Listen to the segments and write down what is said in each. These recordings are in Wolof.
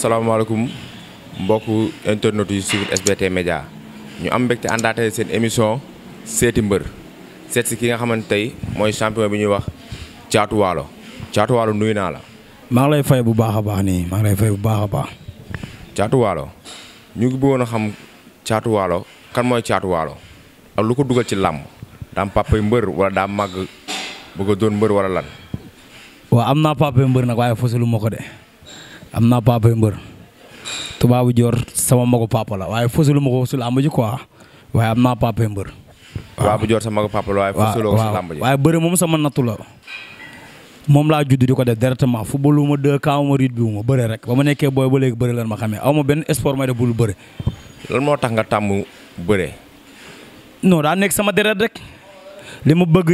salaamaaleykum mbokk internet yu suivre SBT Média ñu am mbégte àndaatee seen émission seeti mbër seet si ki nga xamante tey mooy champion bi ñuy wax Thiatou Walo Thiatou Walo nuyu naa la. maa ngi lay fay bu baax a baax nii maa ngi lay fay bu baax a baax. Thiatou ñu ngi bëggoon a xam Thiatou kan mooy caatuwaalo Walo lu ko dugal ci làmb daam papay mbër wala daa màgg bëgg doon mbër wala lan. waaw am naa papay mbër nag waaye fësalu ma ko de. am naa papay mbër tubaabu joor sama magu papa la waaye fësalu ma ko su làmb ji quoi waaye am naa papay mbër. waaw bu joor sama papa la waaye fësaloo ko su ji waaye bëre moom sama nattu la. moom laa judd di ko def directement football wu ma deux camp ma rit bi wu ma bëre rek ba ma nekkee booy ba léegi bëre lan ma xamee aw ma benn sport may def bul bëre. lan moo tax nga tàmm bëre. non daa nekk sama deret rek li ma bëgg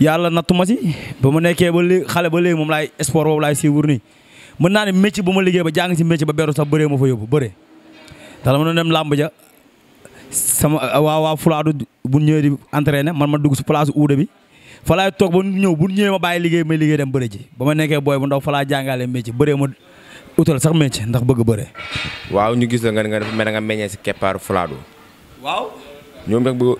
yàlla nattu ma si ba ma nekkee ba léegi xale ba léegi moom laay sport boobu laay siiwur mën naa ne métier bu ma liggéey ba jàng ci métier ba beru sax bëree ma fa yóbbu bëree ndax dama doon dem làmb ja sama waa waa fulaadu bu ñëwee di entraîné man ma dugg si place uude bi fa toog ba ñëw bu ñëwee ma bàyyi liggéey may liggéey dem bëri ji ba ma nekkee booy bu ndaw fa laa jàngalee métier bëree ma utal sax métier ndax bëgg bëre. waaw ñu gis la nga nga mel nga meññee si keppaaru fulaadu. waaw. ñoom rek bu.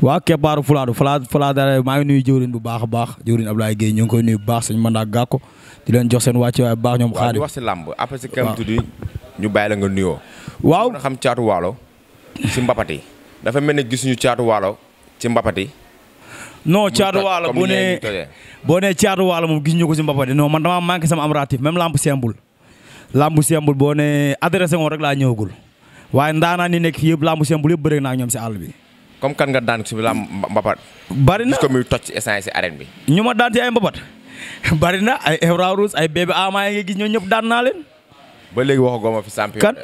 waaw keppaaru fulaadu fulaa fulaa dara maa ngi nuy jëwrin bu baax a baax jëwrin Ablaye Guèye ñu ngi koy nuyu bu baax suñu mandat gàkko di leen jox seen wàcc waaye baax ñoom xaari wax si làmb après si kam tuddi ñu waaw nga xam caatu waalo si mbapat yi dafa mel ne gisuñu caatu waalo ci mbapat yi non caatu waalo boo nee boo nee caatu waalo moom gis ñu ko si mbapat yi non man damaa manqué am ratif même lamb simple lamb simple boo nee adressé ngoon rek laa ñëwagul waaye ndaanaan ni nekk yëpp lamb simple yëpp bëri naa ñoom si àll bi comme kan nga daan si lamb mbapat bari na gis ko muy toj si si arène bi ñu ma daan si ay mbapat bari na ay Evra Rouge ay bébé ama nga gis ñoo ñëpp daan naa leen. ba léegi waxagoo ma fi champion. kan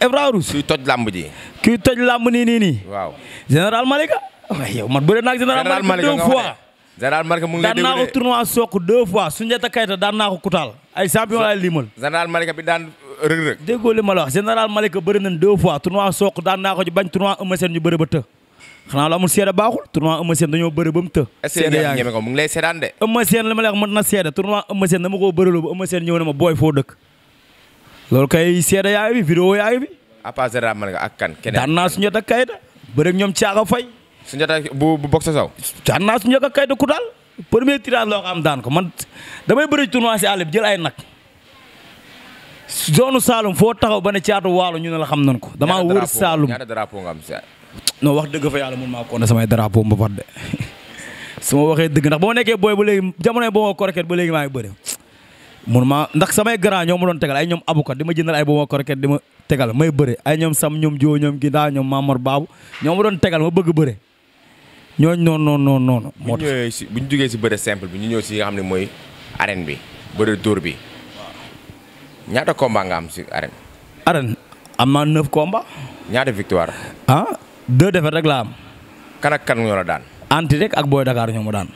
Evra ah, Rouge. kuy toj lamb ji. kuy toj lamb nii nii nii. waaw général Malika. waaye yow man bëre naa ak général Malika daan naa ko tournoi Sokh deux fois Sunjata ay champion laay limal. général Malika bi daan rëg rëg. déggoo li ma la wax général Malika bëri nañ deux fois tournoi Sokh daan naa ko ci bañ tournoi Eumeu Sène ñu bëri ba të. xanaa lu amul seede baaxul tournoi Eumeu Sène dañoo bëre ba mu të. seede yaa ngi mu seedaan de. Eumeu Sène li ma lay wax na seede tournoi Eumeu Sène dama koo bëreloo ba Eumeu Sène ma booy foo dëkk loolu kay seede yaa ngi fi daan naa suñu jot ak ñoom caaga fay. bu bu boxe saw. daan naa suñu jot ak kayit loo xam daan ko man damay bëri tournoi si àll jël ay nag. zone Saloum foo taxaw ba ne caatu waalo ñu ne la xam nañ ko. damaa wër Saloum ñaata non wax dëgg fa yàlla mun maa compter samay drapeau mbapat de su ma waxee dëgg ndax ba ma nekkee booy ba léegi jamono ba ma korket ba léegi maa ngi bëri mun maa ndax samay grand ñoo ma doon tegal ay ñoom abukat di ma jëndal ay ba ma korket di ma tegal may bëri ay ñoom sam ñoom joo ñoom gi daa ñoom Mamor Baabu ñoo ma doon tegal ma bëgg bëri ñooñu noonu noonu noonu noonu. moo tax bu ñu si bu jugee si bëre simple bi ñu ñëw si nga xam ne mooy arène bi bëre dóor bi ñaata combat nga am si arène. arène am naa neuf combat. ñaata victoire. ah deux défaites rek laa am. kan ak kan ñoo la daan. anti rek ak booy Dakar ñoo ma daan.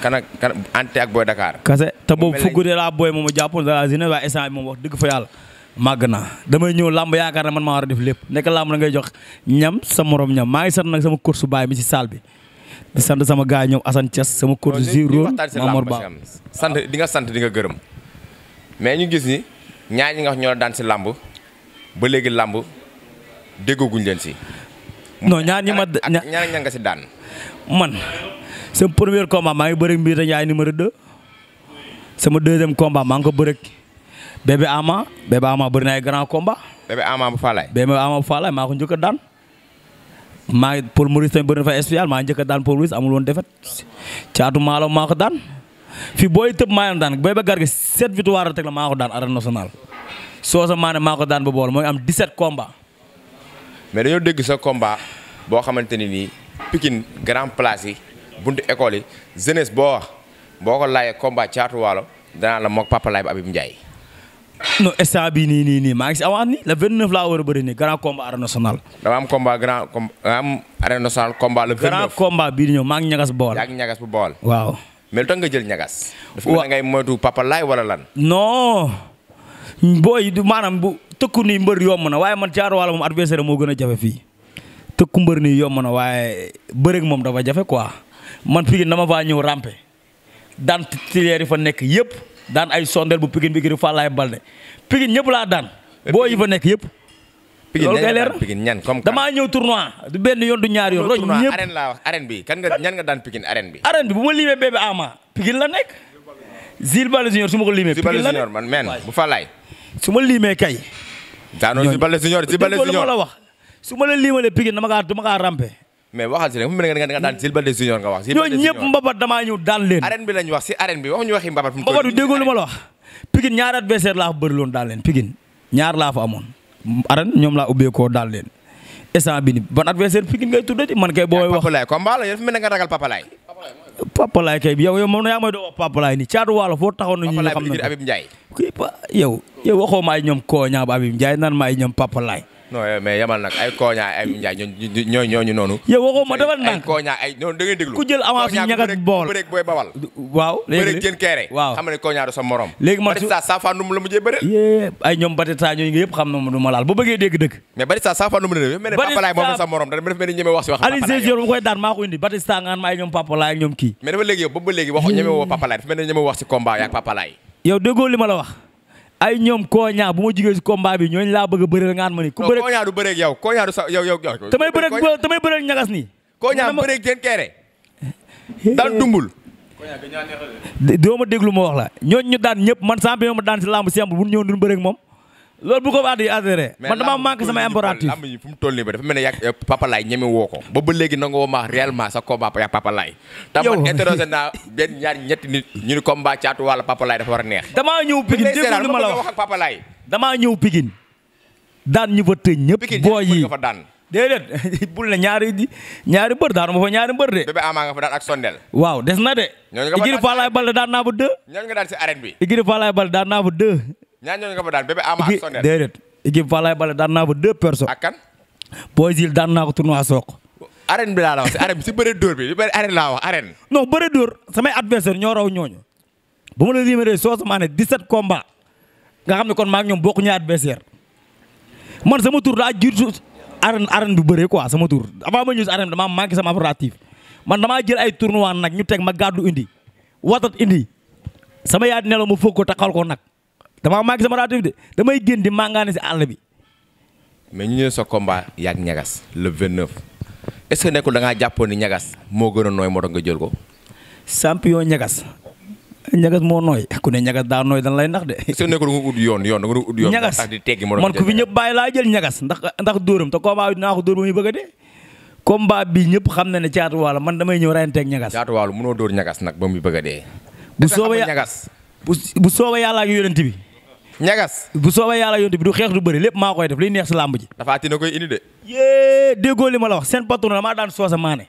kan ak kan anti ak booy Dakar. kase te boobu fukki de laa booy moom ma jàppoon de la zine waaye instant bi moom wax dëgg màgg naa damay ñëw làmb yaakaar ne man maa def lépp nekk làmb na ngay jox ñam sa morom ñam maa ngi sant nag sama course baay mi ci salle bi. di sant sama gars ñoom Assane Thiès sama course zero Mamor Ba sant di nga sant di gërëm. mais ñu gis ni ñaar ñi nga wax ñoo la daan si làmb ba léegi làmb déggaguñ leen si. non ñaar ñi ma. ñaar ñaar daan. man sama premier combat maa ngi bëri mbir dañu yaay numéro 2 sama deuxième combat maa ngi ko bëri bébé Ama bébé Ama bëri na ay grand combat. bébé Ama bu Faalaye. maa ko njëkk a daan. maa ngi Paul Maurice fa spécial maa njëkk daan Paul Maurice amul woon defet caatu maalo maa ko daan. fi booy tëb maa daan booy ba garga sept victoire la teg maa ko daan arène nationale soo sa maa ko daan ba boole mooy am 17 combats. mais dañoo dégg sa combat boo xamante ni nii Pikine grand place yi buntu école yi jeunesse boo wax boo ko laajee combat caatu waalo danaa la moog papa laay ba Abib Ndiaye. non instant bii nii nii nii maa ngi si avant nii le 29 la war a bëri nii grand combat arène national. dama am combat grand com am arène national combat le 29 grand combat bii di ñëw maa ngi ñagas bool. yaa ngi ñagas bu bool. waaw mais lu tax nga jël ñagas. waaw dafa ngay moytu papa laay wala lan. non booy du maanaam bu. tëkku nii mbër yomb na waaye man Thiatou Walo moom adversaire moo gën a jafe fii tëkku mbër nii yomb na waaye bëreeg moom dafa jafe quoi man na dama faa ñëw rampe daan titulaire yi fa nekk yëpp daan ay sondel bu Pikine bi gën Fallaye Balde Pikine ñëpp laa dan boo yi fa nekk yëpp. loolu kay leer Pikine ñan comme damaa ñëw tournoi du benn yoon du ñaar yoon. roñ ñëpp arène laa wax arène bi kan nga ñan nga daan Pikine arène bi. arène bu ma liimee bébé ama Pikine la nekk. Zil si Junior su ma ko liimee. Pikine la man men bu Fallaye su ma liimee kay daanoon si Balla Junior si Balla Junior la wax su ma la limalee Pikine dama kaa dama nga wax ñooñu ñëpp mbabat damaa daan leen arène bi wax si arène bi waxuñu waxi mbabat mbabat du la wax Pikine ñaari laa fa bëri loon daan leen Pikine ñaar laa fa amoon ñoom laa ubbeekoo daan leen instant bi ni ban adversaire Pikine ngay tuddati man kay booy wax papalaay combat la yow dafa nga ragal papalaay Papa Laye kay yow yow moom yaa may doon Papa Laye nii caatu waalo foo taxoon nañu. Papa Laye bi Habib Ndiaye. yow yow waxoo ma ay ñoom Koña ba Habib Ndiaye nan ma ñoom Papa Laye non eh, mais yamal nag ay noonu. yow waxoo ma defal nag ay kooñaay ay noonu da ngeen ku jël avance ñagat bool waaw léegi jën keere. xam ne kooñaay du sa morom. léegi ma laal bu bëggee dégg la de mel ne ay ñoom Papa ñoom kii. mais dafa léegi yow ba ba léegi wax ñeme dafa mel yow déggoo ma la wax ay ñoom Koña bu ma jugee si combat bi ñooñu laa bëgg a bëreel ngaan ma ni. ku bëree Koña du bëree ak sa yow yow. tamay bëree ak tamay bëree ak ñagas nii. Koña bëree ak seen kere. daan dumbul. doo ma déglu ma wax la ñooñu ñu daan ñëpp man champion ma daan si lamb simple bu ñu ñëwoon duñu moom loolu bu ko addi ma man dama manqué sama impératif lamb yi fu mu toll nii ba dafa mel ne yàgg ñeme woo ko ba ba léegi nangoo ma réellement sa combat yàgg Papa Laye tam man intéressé naa ñetti ñu ni combat caatu wàlla a neex damaa ñëw Pikine dégg la wax ak Papa Laye damaa ñëw daan ñu fa tëj ñëpp boo yi fa daan déedéet bul ne ñaari ñaari mbër daanu ma fa ñaari mbër de bébé amaa nga fa daan ak sondel waaw des na de Igiri Falaye Balde daan naa fa deux ñoon nga daan si arène bi Igiri Falaye Balde naa fa deux ñaan ñooñu nga ma daan bébé ama ak Soner déedéet équipe Falaye Baldé daan naa ba deux personnes. ak kan. daan naa ko tournoi soq. arène bi laa la wax si arène bi si bëre dóor bi li laa wax arène. non bëre dóor samay adversaire ñoo raw ñooñu ba ma la limeree soo sama ne 17 combats nga xam ne kon maa ngi ñoom bokkuñu adversaire man sama tour daa jiitu arène arène bu bëree quoi sama tour avant ma ñëw si arène damaa manqué sama opérative man damaa jël ay tournois nag ñu teg ma gàddu indi watat indi sama yaay nelaw ma foog ko taxal ko nag. damaa màgg sama rajo de damay génn di màngaane si àll bi. mais ñu ñëw sa combat yaag ñagas le 29 est-ce que nekkul da ngaa jàppoon ni ñagas moo gën a nooy moo nga jël ko. champion ñagas. ñagas moo nooy ku ne ñagas daa nooy dan lay ndax de. est-ce que nekkul nga ut yoon yoon da nga ut yoon. ñagas di teggi man ku fi ñëpp bàyyi laa jël ñagas ndax ndax dóoram te combat bi dinaa ko ba muy bi ñëpp xam na ne caatu waalo man damay ñëw rayanteeg ñagas. caatu waalo mënoo dóor ñagas nag ba muy bëgg dee. bu soobee bu soobee yàlla bi ñagas bu soobee yàlla yontu bi du xeex du bëri lépp maa koy def liy neex si làmb ji. dafa ati na koy li ma la wax seen patron damaa daan soose maane.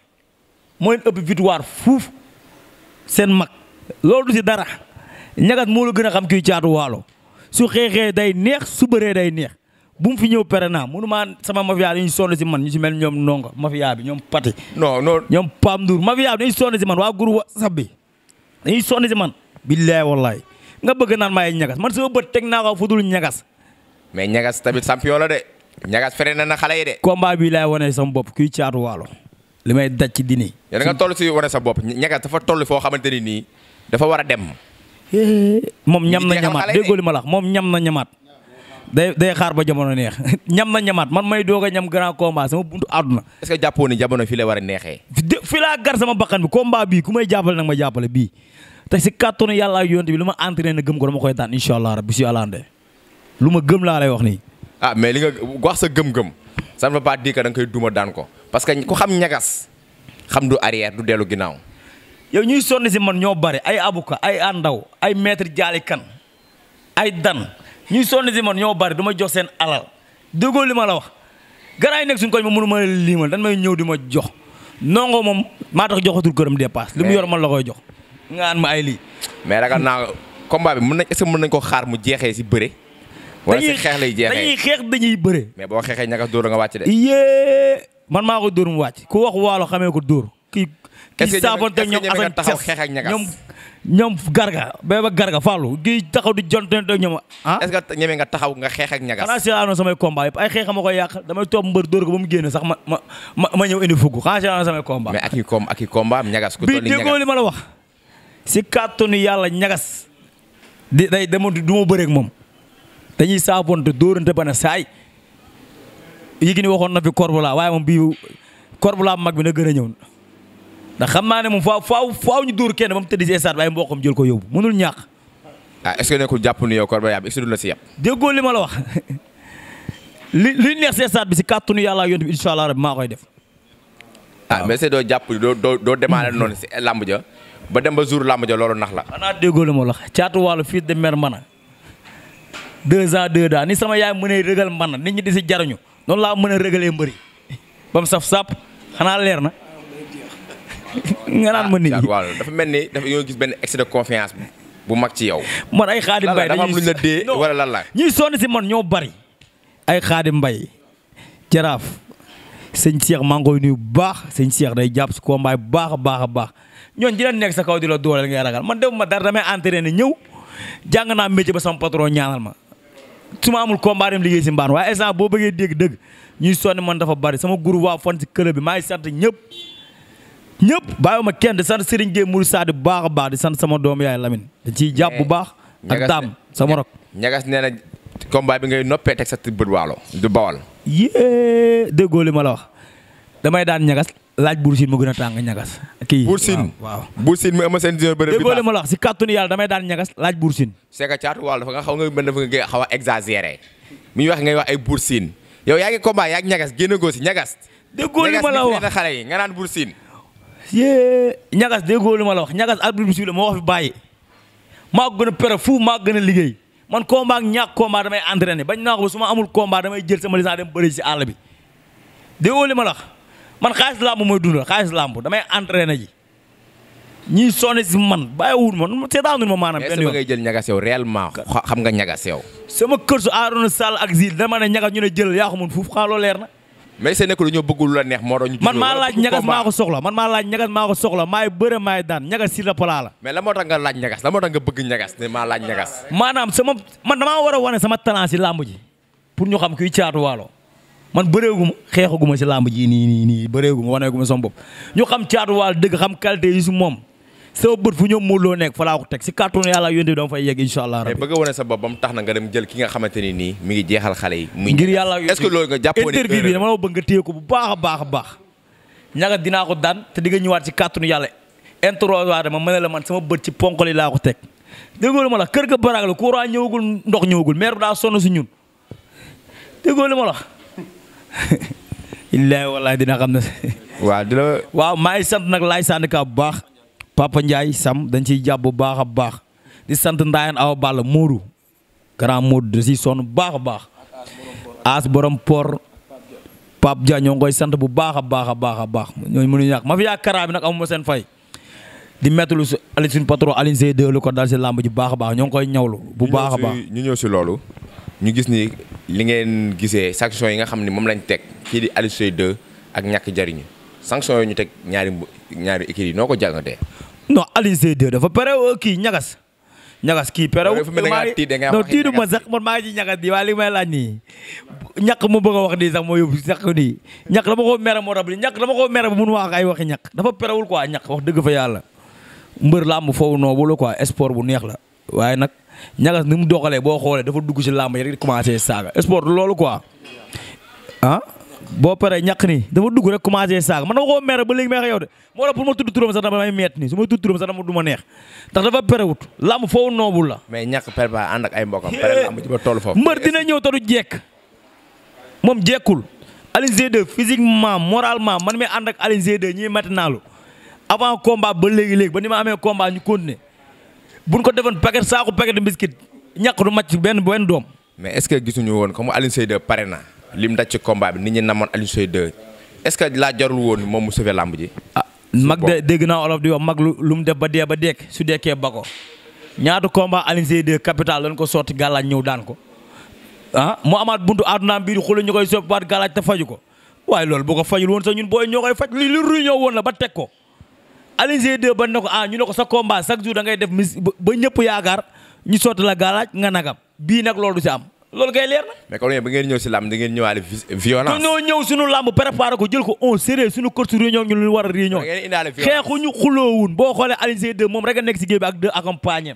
mooy ëpp victoire fuuf seen mag. loolu du si dara ñagas moo la gën a xam kii caatu waalo su xeexee day neex su bëree day neex bu fi ñëw pere naa mënu maa sama ma mafia dañuy sonn si man ñu si mel ñoom ndongo mafia bi ñoom pati. non non ñoom Pam Ndour mafia bi dañuy sonn si man waa groupe WhatsApp bi dañuy sonn si man. billaay wallaay. nga bëgg naan maay ñagas man sama bët teg naa ko fu dul ñagas. mais ñagas tamit champion la de. ñagas fere na na xale yi de. combat bi laay wane sama bopp kuy caatu waalo. li may daj ci dini. yéen nga toll si wane sa bopp ñagas dafa toll foo xamante ni nii dafa war a dem. moom ñam na ñamaat déggoo li ma la moom ñam na ñamaat. day day xaar ba jamono neex ñam na ñamaat man may doog a ñam grand combat sama buntu àdduna. est-ce que jàppoo ni jamono fii la war a neexee. fi laa gar sama bakkan bi combat bii ku may jàppale nag ma jàppale bii te si kàttanu yàlla ak yonte bi lu ma entraîné gëm ko dama koy daan incha allah rabbi si àllande lu ma gëm laa lay wax nii. ah mais li nga wax sa gëm-gëm ça ne veut pas da nga koy duma daan ko parce que ku xam ñagas xam du arrière du dellu ginnaaw. yow ñuy sonn si man ñoo bare ay abuka ay àndaw ay metre jaali kan ay dan ñuy sonn si man ñoo bare du ma jox seen alal déggoo li ma la wax. garaay nekk suñu koñ ma mënu ma limal dan may ñëw di ma jox nongo moom maa tax joxatul këram dépasse li mu yor man la koy jox. nga an ma ay lii. mais ragal naa combat bi mën nañ est-ce que mën nañ ko xaar mu jeexee si bëre. wala si xeex lay jeexee dañuy xeex dañuy bëre. mais boo xeexee ñagas dóor la nga wàcc de. yee man maa ko dóor mu wàcc ku wax waalo xamee ko dóor. kii kii saafoon te ñoom Assane Thiès ñoom ñoom Garga béy ba Garga Fallou gi taxaw di jonte te ñoom ah. est-ce que ñeme nga taxaw nga xeex ak ñagas. xanaa seetaanoo samay combat ay xeex koy yàq damay topp mbër dóor ko ba mu génn sax ma ma ñëw indi fukk xanaa seetaanoo samay combat. mais ak i ñagas ku toll ñagas bii déggoo li ma la wax. si kàttanu yàlla ñagas di day dama du ma moom dañuy saabonte dóorante ba ne saay Yékini waxoon na fi Korbala waaye moom bii Korbala mag bi na gën a ñëw ndax xam naa ne moom faaw faaw faaw ñu dóor kenn ba mu tëdd si stade waaye mboqam jël ko yóbbu mënul ñàkk. ah est-ce que nekkul jàpp ni yow Korbala yàpp est la si yàpp. déggoo li ma wax li li neex si stade bi si kàttanu yàlla yont bi incha allah rabi maa koy def. ah mais doo jàpp doo doo doo démarrer noonu si làmb ja. ba dem ba jour làmb ja loolu nax la. xanaa déggoo la ma wax caatu wàllu fils de mère mana deux ans deux daa ni sama yaay mënee rëgal man nit ñi di si jaruñu noon laa mën a rëgalee mbëri ba mu saf sàpp xanaa leer na. nga naan ma nit ñi ah, dafa mel ni dafa ñoo gis benn excès de confiance bu mag ci yow. man ay xaadim mbay dafa am lu ñu wala lan la. ñuy sonn si man ñoo bari. ay xaadim mbay jaraaf sëñ Cheikh maa ngi koy nuyu bu baax sëñ Cheikh day jàpp si combat bu baax a baax a baax. ñoo dinañ nekk sa kaw di la dooleel ngay ragal man def ma dara damay entraîné ñëw jàng naa métier ba sama patron ñaanal ma su ma amul combat dem liggéey si mbaan waaye instant boo bëggee dégg dëgg ñu sonni man dafa bari sama groupe waa fan si club bi maa ngi sant ñëpp ñëpp bàyyiwuma kenn di sant Serigne Gueye Mourou Sade bu baax a baax di sant sama doom yaay Lamine da ciy jàpp bu baax ak daam sama rok ñagas nee na combat bi ngay noppee teg sa bët waalo du bawal yée déggoo li ma la wax damay daan ñagas laaj Bour Sine mu gën a tàng ñagas. kii Bour mu am seen junior bi déggoo la wax si kàttanu yàlla damay daan ñagas laaj Bour Sine. caatu wàll dafa nga nga mën nga xaw a exagéré mi wax ngay ay Bour Sine yow yaa ngi combat yaa ngi ñagas génn goo si ñagas. déggoo li ma la wax yi nga naan Bour Sine. yee ñagas déggoo li ma la wax ñagas arbitre bi sifflé moo wax fi bàyyi maa gën a pere fu maa gën a liggéey man combat ak ñàkk combat damay entraîné bañ naa ko ba su ma amul combat damay jël sama licence dem bëri si àll bi déggoo ma la man xaalis làmb mooy dundal xaalis làmb damay entraîné ji ñiy sonné si man bàyyiwul ma man seetaanuñu ma maanaam. benn yoon mais jël ñagas yow réellement sama kër su Arouna Sall ak Zil dama ne ñu jël yaa ko mën fuuf leer na. mais seen nekk lu moo doon man maa laaj ñagas maa man maa laaj ñagas maa ko soxla maay bëre maay daan si la palaa la. mais la moo tax nga laaj ñagas la moo tax nga bëgg maanaam sama man damaa war a wane sama talent si làmb ji pour ñu xam kuy caatu waalo man bëreeguma xeexaguma si làmb ji nii nii nii bëreeguma waneeguma sama bopp ñu xam waal dëgg xam qualité yi si moom sama bët fu ñoom Modou Lo nekk fa laa ko teg si kàttanu yàlla yónte bi dama fay yegg incha allah rabbi bëgg a wane sa na nga dem jël nga xamante ni nii mi ngi jeexal xale yi muy ngir yàlla est-ce que loolu nga jàppoo interview ko bu baax a baax a baax ñaga dinaa ko daan te di nga ñëwaat si kàttanu yàlla introwaat ma mën la man sama bët ci ponkol yi laa ko teg déggoo ma la kër ga baraag la courant ñëwagul ndox ñëwagul maire bi daa sonn si ñun déggoo ma la illaahi wallaahi dina xam ne. waaw waaw maa ngi sant nag laay sànni ka bu baax Papa Ndiaye Sam dañ ciy jàpp bu baax a baax di sant Ndayane Awa Balla Modou grand Modou da ciy sonn baax a baax As borom Por Pape Dia ñoo ngi koy sant bu baax a baax a baax a baax ñooñu mënuñu ñàkk ma fi yaa karaa bi nag amuma seen fay. di méttiwul su Alioune suñu patron Alioune ko dal si làmb baax a baax ñoo ngi koy ñawlu. bu baax a baax ñu ñëw si loolu. ñu gis ni li ngeen gisee sanction yi nga xam ni moom lañ teg kii di Aliou Seye ak ñàkk jariñu sanction yooyu ñu teg ñaari ñaari équipe yi noo ko jàngatee. non Aliou Seye 2 dafa pare kii ñagas. ñagas kii perew non tiidu ma sax man maa ngi ci ñagas di waaye li may laaj nii ñàkk mu bëgg a wax nii sax moo yóbbu sax nii ñàkk dama ko mere moo rab li ñàkk dama ko mere bu ay waxi ñàkk dafa perewul quoi ñàkk wax dëgg fa yàlla mbër làmb foofu noobu la quoi sport bu neex la waaye nag ñagas ni mu doxalee boo xoolee dafa dugg ci làmb yi rek commencé saaga sport loolu quoi ah boo paree ñàkk ni dafa dugg rek commencé saaga man dama koo mere ba léegi may wax yow de moo tax pour ma tudd turam sax dama may meet nii su ma tudd turam sax ma du ma neex ndax dafa perewut làmb foofu noobul la. mais ñàkk pere ba ànd ak ay mbokam pere làmb ji ba toll foofu. mbër dina ñëw te jek moom jekkul Alioune Seye 2 physiquement moralement man mi ànd ak Alioune Seye 2 ñuy matinaalu avant combat ba léegi léegi ba ni ma amee combat ñu continuer buñ ko defoon paquet saako paquet de biscuit ñàkk du benn benn doom. mais est-ce que gisuñu woon comme Alioune Seye pare na. lim daj ci combat bi nit ñi namoon Alioune Seye 2 est-ce que laa jarul woon moom mu sauver làmb ji. ah mag de dégg naa olof di wax mag lu lu mu def ba dee ba dekk su dekkee ba ko ñaata combat Alioune Seye 2 capital lañ ko sotti gàllaaj ñëw daan ko ah mu amaat buntu àddunaam biir xulu ñu koy soppiwaat gàllaaj te faju ko waaye loolu bu ko fajul woon sax ñun booy ñoo koy faj li lu ñëw woon la ba teg ko. Alizé 2 ban na ko ah ñu ne ko sa combat chaque jour da ngay def ba ñëpp yaakaar ñu sotti la galaaj nga nagam bii nag loolu du si am loolu kay leer na. mais ba ngeen ñëw si làmb da ngeen ñëwaale violence. dañoo ñëw suñu làmb préparé ko jël ko on sérieux suñu kër su réunion ñu lu war a réunion. boo xoolee Alizé moom rek nekk si géej ak deux accompagné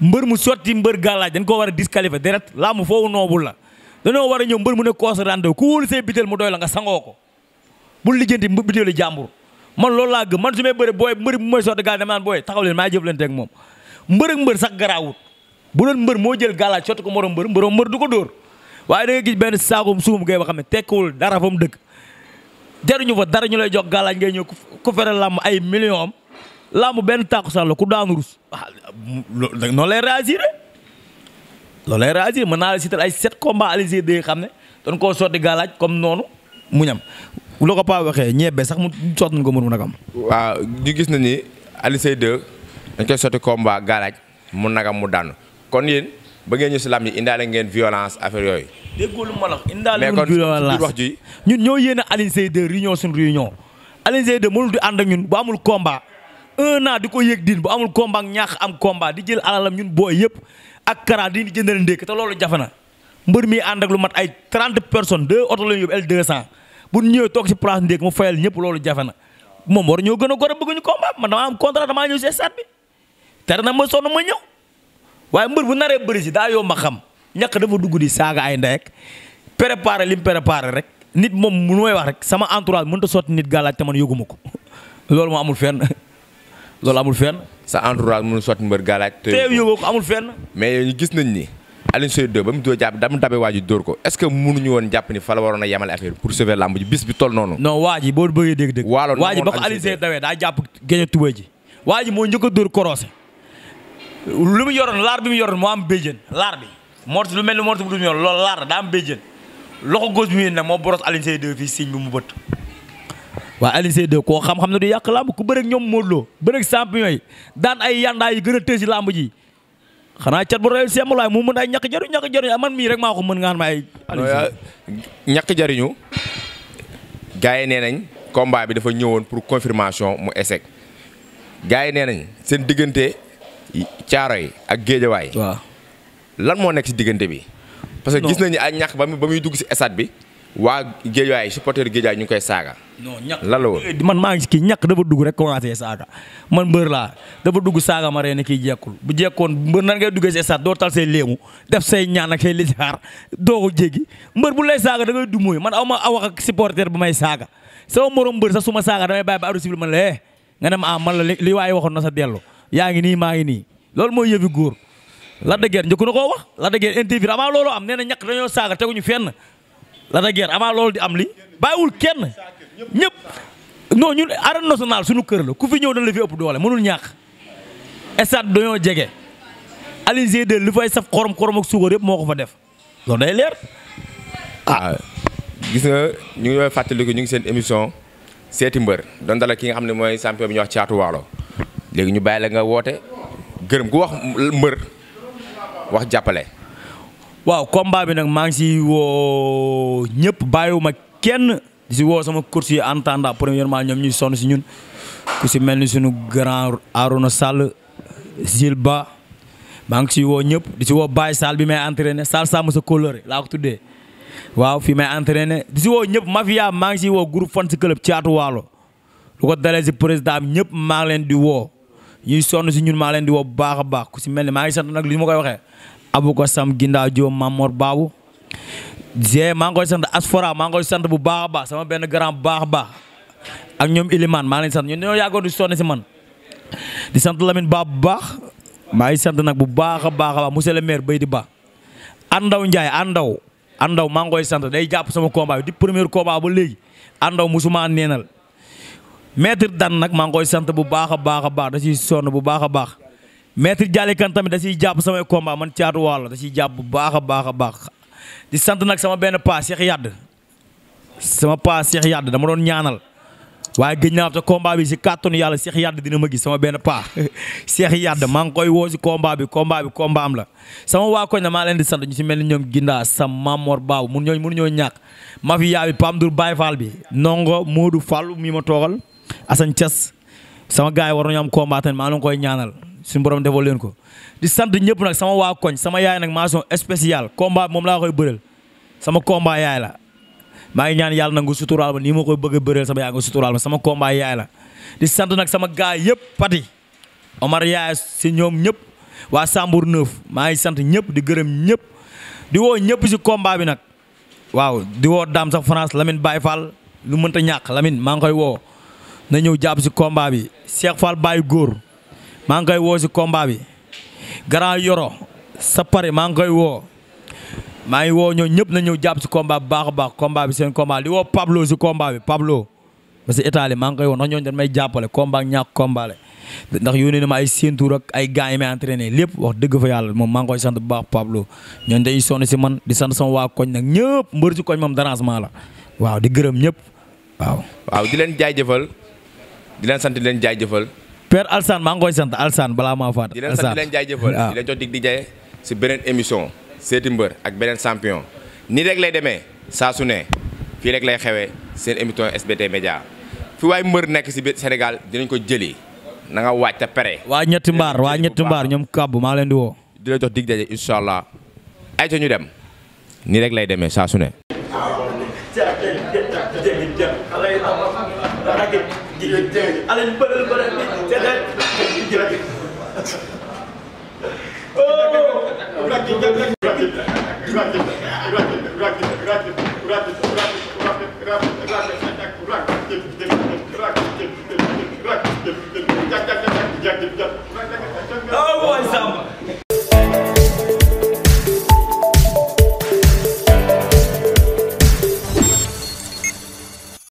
mbër mu sotti mbër gàllaaj dañ koo war a disqualifier direct laa mu foofu noobul la dañoo war a ñëw mbër mu ne koos rendez-vous ku wóolu say bitéel mu doy nga sangoo ko bul lijjanti bitéelu jàmbur man loolu laa gëm man su may bëri booy mbër mu may sotti gàllaaj dama naan booy taxaw leen maa jëflante ak moom mbër ak mbër sax garaawut bu doon mbër moo jël gàllaaj sotti ko morom mbër mbëroo mbër du ko dóor waaye da nga gis benn mu suum gay ba xam ne tekkiwul dara fa mu dëkk jaruñu fa dara ñu lay jox gàllaaj ngay ñëw ku feral làmm ay million am làmb benn tàkkusaan la ku daanu rus ah noonu lay réagir loolu lay réagir mën naa la sital ay sept combats alizé day xam ne doon koo sotti galaaj comme noonu mu ñam loo ko paa waxee ñebe sax mu sotti nañ ko mën mun a am. gis na ni alizé day dañ koy sotti combat galaaj mu nagam mu daanu kon yéen ba ngeen ñu si lam yi indaale ngeen violence affaire yooyu. déggoo lu ma la wax indaale ngeen violence wax mënul di ànd ak ñun bu amul combat un an di ko yëg diin bu amul combat ak am combat di jël alalam ñun booy yëpp ak karaa di ñu jëndal ndékk te loolu jafe na mbër mi ànd ak lu mat ay 30 personnes deux oto la ñu yóbbu L200 bu ñu ñëwee toog si place ndékk mu fayal ñëpp loolu jafe na moom war ñoo gën a góor a bëgg ñu combat man damaa am contrat damaa ñëw si stade bi tere na ma sonn ma ñëw waaye mbër bu naree bëri si daa yomb a xam ñàkk dafa dugg di saaga ay ndey ak préparé li mu préparé rek nit moom mu may wax rek sama entourage mënut a sotti nit gàllaaj te man yëguma ko loolu moo amul fenn loolu amul fenn. sa entourage mënul sotti mbër galaaj. teew yóbboo amul fenn. mais ñu gis nañ ni Alioune Seye 2 ba mu doon jàpp dam dabe waa ji dóor ko est-ce que mënuñu woon jàpp ni fa la waroon a yemale affaire pour sauver lamb ji bis bi toll noonu. non waa ji boo bëggee dégg-dégg. waaloon waa ji moo njëkk a dóor lu mu yoroon laar bi mu yoroon moo am béjjën laar bi. mort lu mel ni mort bu du mu yoroon loolu laar daa am béjjën loxo gauche bi moo boros Alioune Seye 2 fii signe bi mu bët waa Alioune Seye 2 koo xam-xam ne du yàq làmb ku bëreeg ñoom Modou Lo bëreeg champion yi daan ay yandaa yi gën a tëj si làmb ji xanaa cat bu rëyul semblaay mu mën ay ñàkk jariñ ñàkk jariñ man mii rek maa ko mën nga xam ne ay ñàkk jariñu gars yi nee nañ combat bi dafa ñëwoon pour confirmation mu échec gars yi nee nañ seen diggante caaro yi ak géejawaay waaw lan moo nekk si diggante bi parce que gis nañu ay ñàkk ba muy dugg si stade bi waa Géejawaay supporter Géejawaay ñu koy saaga. non ñàkk lan la eh, man maa ngi kii ñàkk dafa dugg rek commencé saaga man mbër laa dafa dugg saaga ma ree ne kii jekkul bu jekkoon mbër nan ngay duggee si doo tal say léemu def say ñaan ak say lisaar doo ko mbër bu lay saaga da ngay du mooy man aw ma aw ak supporter bu may saaga sama morom mbër sa su ma saaga damay bàyyi ba arbitre bi man la eh nga ne ma ah man la li waaye waxoon na sa dellu yaa ngi nii maa ngi nii lool mooy yëfi góor la dëggeer njëkk na koo wax la dëggeer interview avant loolu am nee na ñàkk dañoo saaga teguñu fenn Lac de Guiers avant loolu di am li bàyyiwul kenn ñëpp non ñun arène nationale suñu kër la ku fi ñëw dañ la fi ëpp doole mënul ñàkk stade dañoo jege Alizé de li fay saf xorom xorom ak suukar yëpp moo ko fa def loolu day leer ah gis nga ñu ngi doon fàttaliku ñu ngi seen émission seeti mbër doon dala ki nga xam ne mooy champion bi ñu wax Caatu Waalo léegi ñu bàyyi la nga woote gërëm ku wax mbër wax jàppale waaw combat bi nag maa ngi si woo ñëpp bàyyiwuma kenn di si woo sama course yi en attendant premièrement ñoom ñuy sonn si ñun ku si mel ni suñu grand Arouna Sall Zilba maa ngi si woo ñëpp di si woo Baye sal bi may entraîné sal sàmm sa coloré laa ko tuddee waaw fi may entraîné di si woo ñëpp mafia maa ngi si woo groupe fan si club Thiatou Walo lu ko dalee si président ñëpp maa leen di woo ñuy sonn si ñun maa leen di woo bu baax a baax ku si mel ni maa ngi sant nag li ma koy waxee abu ko sam gindaa joom Mamor Baabu je maa ngi koy sant Asfora maa ngi sant bu baax baax sama benn grand bu baax a baax ak ñoom Iliman maa ngi leen sant ñun dañoo di sant Lamine Ba bu baax maa ngi sant nag bu baax a baax a baax monsieur le maire Baydi Ba Andaw Ndiaye Andaw Andaw maa ngi koy sant day jàpp sama combat bi di premier combat ba léegi Andaw musuma neenal maître dan nag maa ngi koy sant bu baax a baax a baax da ciy sonn bu baax a baax maître Diallo Kane tamit da ciy jàpp samay combat man caatu waalo da ciy jàpp bu baax a baax a baax di sant nag sama benn paa Cheikh Yade sama paa Cheikh Yade dama doon ñaanal waaye gëj naa te combat bi si kàttanu yàlla seex Yade dina ma gis sama benn paa Cheikh Yade maa ngi koy woo si combat bi combat bi combat la. sama waa koñ na maa leen di sant ñu si mel ni ñoom gindaa Sam Mamor Baaw mun ñooñu mun ñoo ñàkk mafia bi Pam Dur Baye Fall bi Nongo Modou Fall ma toogal Assane Thiès sama gars am combat maa ngi koy ñaanal. suñu borom defal leen ko di sant ñëpp nag sama waa koñ sama yaay nag mention spéciale combat moom laa koy bëreel sama combat yaay la maa ngi ñaan yàlla na nga suturaal ma nii ma koy bëgg a bëreel sama yaay nga suturaal ma sama combat yaay la di sant nag sama gaay yëpp Pati Omar yaay si ñoom ñëpp waa Sambour neuf maa ngi sant ñëpp di gërëm ñëpp di woo ñëpp si combat bi nag waaw di woo Dame sax France Lamine Baye Fall lu mënta ñàkk Lamine maa ngi koy woo na ñëw jàpp si combat bi Cheikh Fall Baye Góor maa ngi koy woo si combat bi yoro sa pare maa ngi koy woo maa ngi woo ñoo ñëpp na ñëw jàpp si combat bu baax baax combat bi seen combat di woo Pablo si combat bi Pablo parce que Italie maa ngi koy woo ndax ñooñu dañ may jàppale combat ak ñàkk combat la ndax yónnee na ma ay séentuur ay gars yi may entraîné lépp wax dëgg fa yàlla moom maa ngi sant bu baax Pablo ñooñu dañuy sonn si man di sant sama waa koñ nag ñëpp mbër si koñ moom dérangement la waaw di gërëm ñëpp waaw. di leen jaajëfal Père Alsane maa ngi koy sant Alsane balaa maa faat. di leen sant di leen jaajëfal di leen jox dig di si beneen émission seeti mbër ak beneen champion. nii rek lay demee saa su ne fii rek lay xewee seen émission SBT Média fi waay mbër nekk si biir Sénégal dinañ ko jëli na nga waaj te pare. waa ñetti mbaar waa ñetti mbaar ñoom kàbb maa leen di woo. di jox dig daje incha allah ay ca ñu dem nii rek lay demee saa su ne. yooyu teew ñu alal bërël bërël bi te de Oh, boy, Samba.